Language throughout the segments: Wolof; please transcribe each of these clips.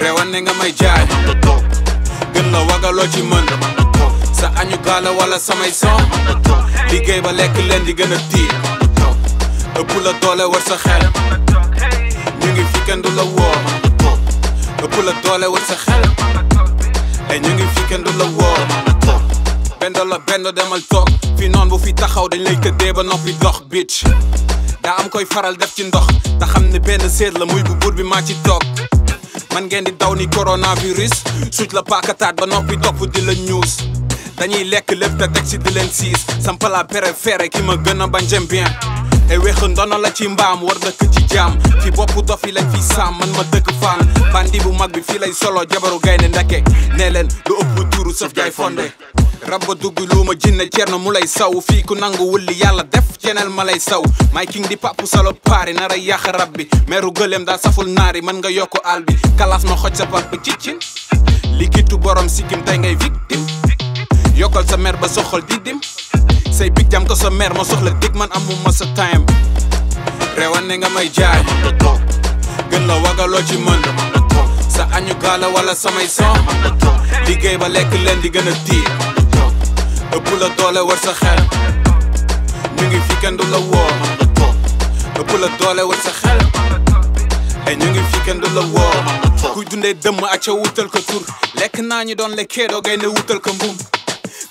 rewane nga may jaay gën la waga loo ci mën sa añu gaala wala samay son liggéey ba lekk leen di gën a tiir ëpp la doole war sa xel ñu ngi fi kenn du la woo ëpp la doole war sa xel Hey, ñu ngi fi kenn du la woo benn la benn demal tok fi non bu fi taxaw dañ lay tëddee ba nopi dox bitch Da am koy faral def ci ndox te xam ne benn la muy bu buur bi ma ci tok man ngeen di daw ni coronavirus suuj la paakataat ba nopi tok fu di la news dañuy lek lépp te teg ci di leen siis sampala préféré ki ma gëna ban jëm bien e weexu ndono la ci mbaam war dëkk ci jaam fi boppu dof yi lañ fi saam man ma dëkk faam bandi bu mag bi fii lay solo jabaru gaynde ndake ne leen lu ëpp tuuru saf jaay fonde ba dugg lu ma jinne na mu lay saw fii ku nangu wulli yàlla def ceneel ma lay saw may king di papu salo paari na nara yàq rab bi meeru gëleem daa saful naari mën nga yokk àll bi kalaas ma xoj sa bat ba ciccin likitu borom sikkim tey ngay victime yokkal sa mer ba soxol didim say big jam ko sa mer ma soxla dig man amuma sa time rewan ne nga may jaay gën la wagaloo ci mën sa añu gaala wala samay son liggéey ba lekk leen di gën a tiir ëpp la doole war sa xel ñu ngi fi kenn du la woo ëpp la doole war sa xel ay ñu ngi fi kenn du la woo kuy dundee dëmm ak wutal ko lekk naa ñu doon lekkee doo gay ne wutal ko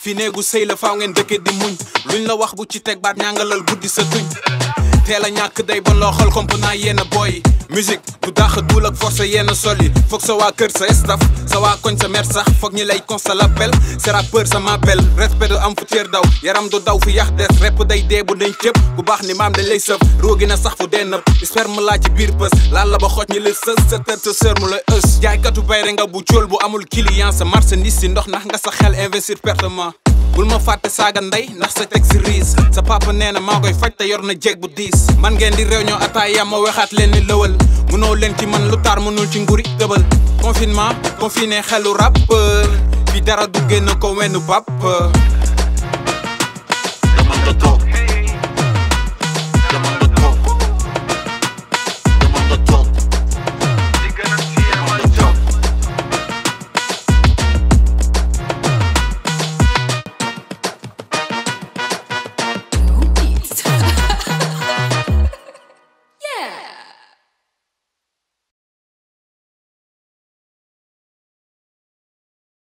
fi néegu sëy la faaw ngeen dëkke di muñ luñ la wax bu ci teg baat ñàngalal guddi sa tuñ teel a ñàkk day bon loo xool komp naa yenn booy musique du dàq duul ak force yenn sol yi foog sa waa kër sa staff sa waa koñ sa mer sax foog ñi lay constat l'appel c'est rappeur ça m'appelle respect du am fu cër daw yaram du daw fi yax des rep day dee bu dañ cëpp bu baax ni maam dañ lay sëf roogi na sax fu dee nëb sperme laa ci biir bës laal la ba xooj ñi la sës sa tër la ës jaaykatu bayre bu cóol bu amul client sa marchandise si ndox nax nga sa xel investir pertement bul ma fàtte saaga ndey ndax sa teg si riis sa papa nee na maa koy faj te yor na jeeg bu diis man ngeen di réunion ataaya ma weexaat leen ni lëwal mënoo leen ci man lu taar mënul ci nguri dëbal confinement confiné xelu rappeur bi dara duggee na ko wenn bàpp